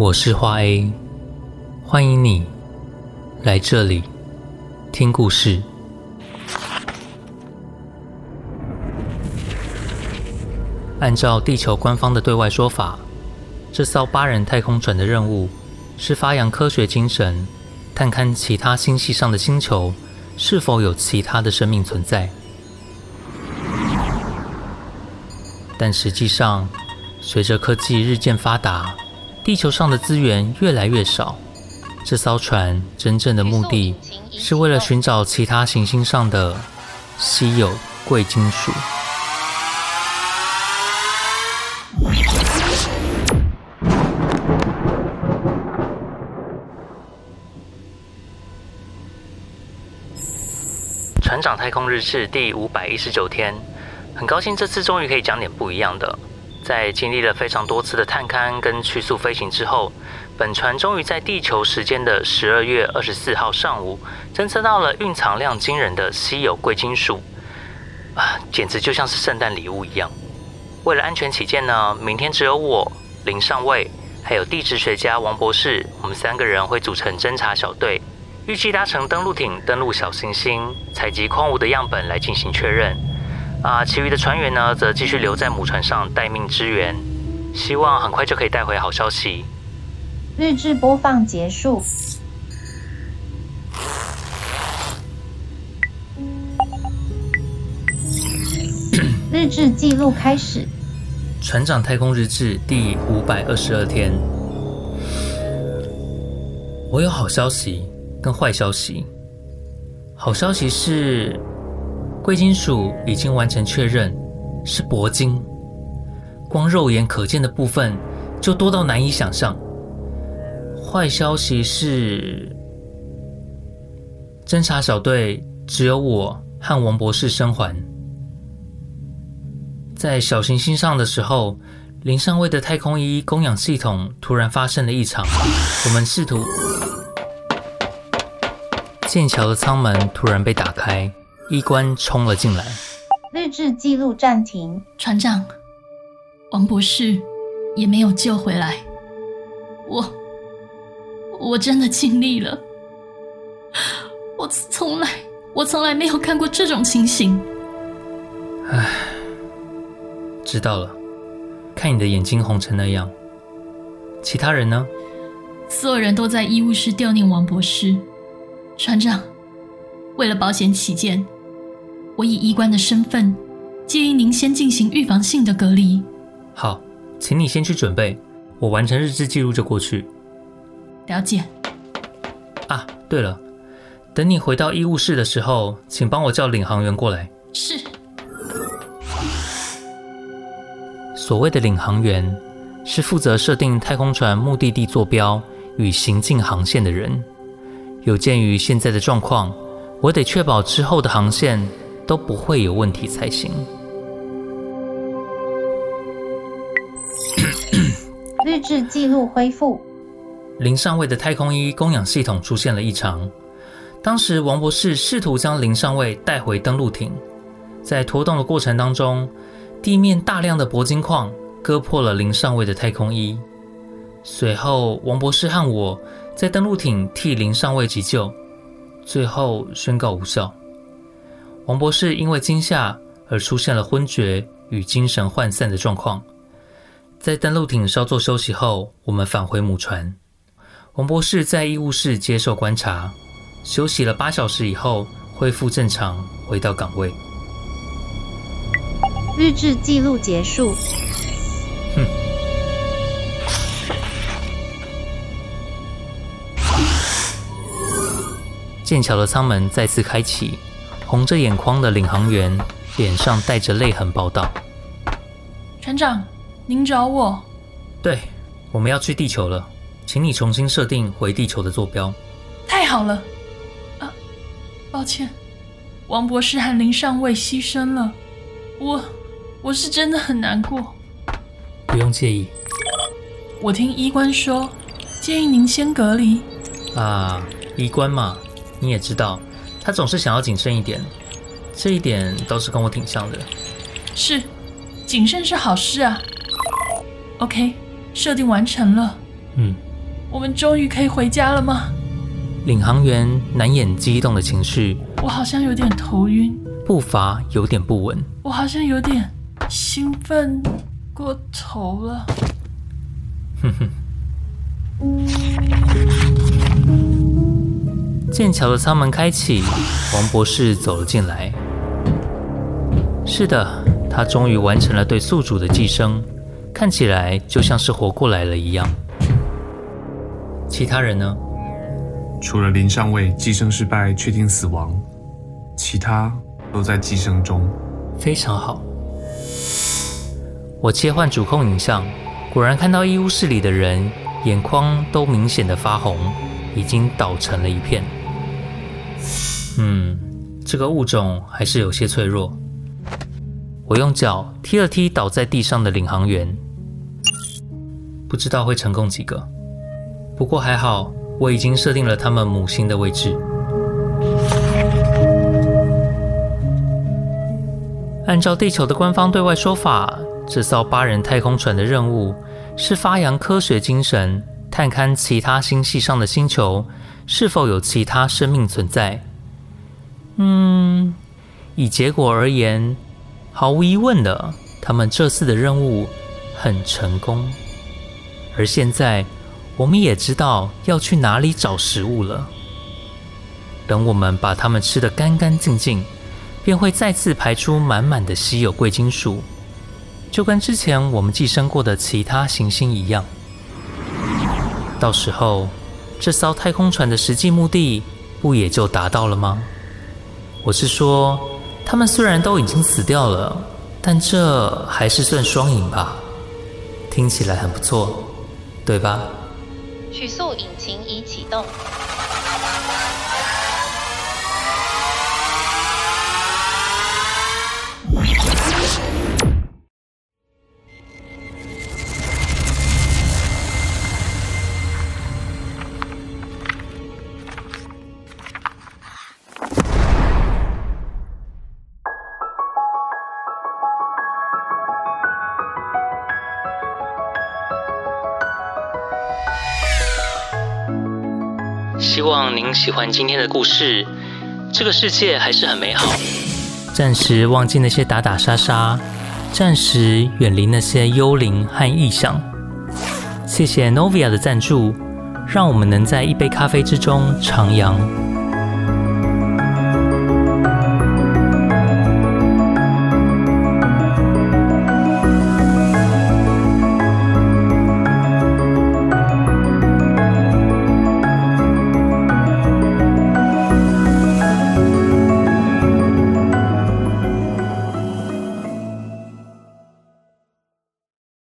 我是花 A，歡迎你來這裡聽故事。按照地球官方的對外說法，這艘八人太空船的任務是發揚科學精神，探勘其他星系上的星球是否有其他的生命存在。但實際上，隨着科技日漸發達。地球上的資源越來越少，這艘船真正的目的是為了尋找其他行星上的稀有貴金屬。船長太空日誌第五百一十九天，很高興這次終於可以講點不一樣的。在經歷了非常多次的探勘跟曲速飛行之後，本船終於在地球時間的十二月二十四號上午，偵測到了蘊藏量驚人的稀有貴金屬，啊，簡直就像是聖誕禮物一樣。為了安全起見呢，明天只有我林上尉，還有地質學家王博士，我們三個人會組成偵察小隊，預計搭乘登陸艇登陸小行星，採集礦物的樣本來進行確認。啊，其餘的船員呢，則繼續留在母船上待命支援，希望很快就可以帶回好消息。日志播放結束。 日志記錄開始。船長太空日志第五百二十二天，我有好消息跟壞消息。好消息是。貴金屬已經完成確認，是鉑金。光肉眼可見的部分就多到難以想象。壞消息是，偵察小隊只有我和王博士生還。在小行星上的時候，林上尉的太空衣供氧系統突然發生了異常。我們試圖，艦橋的艙門突然被打開。醫官衝了進來。日誌記錄暫停。船長，王博士也沒有救回來。我，我真的盡力了。我從來，我從來沒有看過這種情形。唉，知道了。看你的眼睛紅成那樣。其他人呢？所有人都在醫務室悼念王博士。船長，為了保險起見。我以醫官的身份，建議您先進行預防性的隔離。好，請你先去準備，我完成日志記錄就過去。了解。啊，對了，等你回到醫務室的時候，請幫我叫領航員過來。是。所謂的領航員，是負責設定太空船目的地坐標與行進航線的人。有鑑於現在的狀況，我得確保之後的航線。都不會有問題才行。 日誌記錄恢復。林上尉的太空衣供氧系統出現了異常。當時王博士試圖將林上尉帶回登陸艇，在拖動的過程當中，地面大量的鉑金礦割破了林上尉的太空衣。隨後，王博士和我在登陸艇替林上尉急救，最後宣告無效。王博士因為驚嚇而出現了昏厥與精神渙散的狀況，在登陸艇稍作休息後，我們返回母船。王博士在醫務室接受觀察，休息了八小時以後恢復正常，回到崗位。日誌記錄結束。哼、嗯。嗯、艦橋的艙門再次開啟。紅着眼眶的領航員臉上帶着淚痕報道：“船長，您找我？對，我們要去地球了，請你重新設定回地球的坐標。”太好了！啊，抱歉，王博士和林上尉犧牲了，我我是真的很難過。不用介意，我聽醫官說，建議您先隔離。啊，醫官嘛，你也知道。他總是想要謹慎一點，這一點倒是跟我挺像的。是，謹慎是好事啊。OK，設定完成了。嗯，我們終於可以回家了嗎？領航員難掩激動的情緒。我好像有點頭暈，步伐有點不穩。我好像有點興奮過頭了。哼哼、 um。艦橋的艙門開啟，王博士走了進來。是的，他終於完成了對宿主的寄生，看起來就像是活過來了一樣。其他人呢？除了林上尉寄生失敗，確定死亡，其他都在寄生中。非常好。我切換主控影像，果然看到醫務室裡的人眼眶都明顯的發紅，已經倒成了一片。嗯，這個物種還是有些脆弱。我用腳踢了踢倒在地上的領航員，不知道會成功幾個。不過還好，我已經設定了他們母星的位置。按照地球的官方對外說法，這艘八人太空船的任務是發揚科學精神，探勘其他星系上的星球是否有其他生命存在。嗯，以結果而言，毫無疑問的，他們這次的任務很成功。而現在，我們也知道要去哪裡找食物了。等我們把他們吃得乾乾淨淨，便會再次排出滿滿的稀有貴金屬，就跟之前我們寄生過的其他行星一樣。到時候，這艘太空船的實際目的不也就達到了嗎？我是說，他們雖然都已經死掉了，但這還是算雙贏吧？聽起來很不錯，對吧？曲速引擎已啟動。希望您喜歡今天的故事。這個世界還是很美好，暫時忘記那些打打殺殺，暫時遠離那些幽靈和異象。謝謝 Novia 的贊助，讓我們能在一杯咖啡之中徜徉。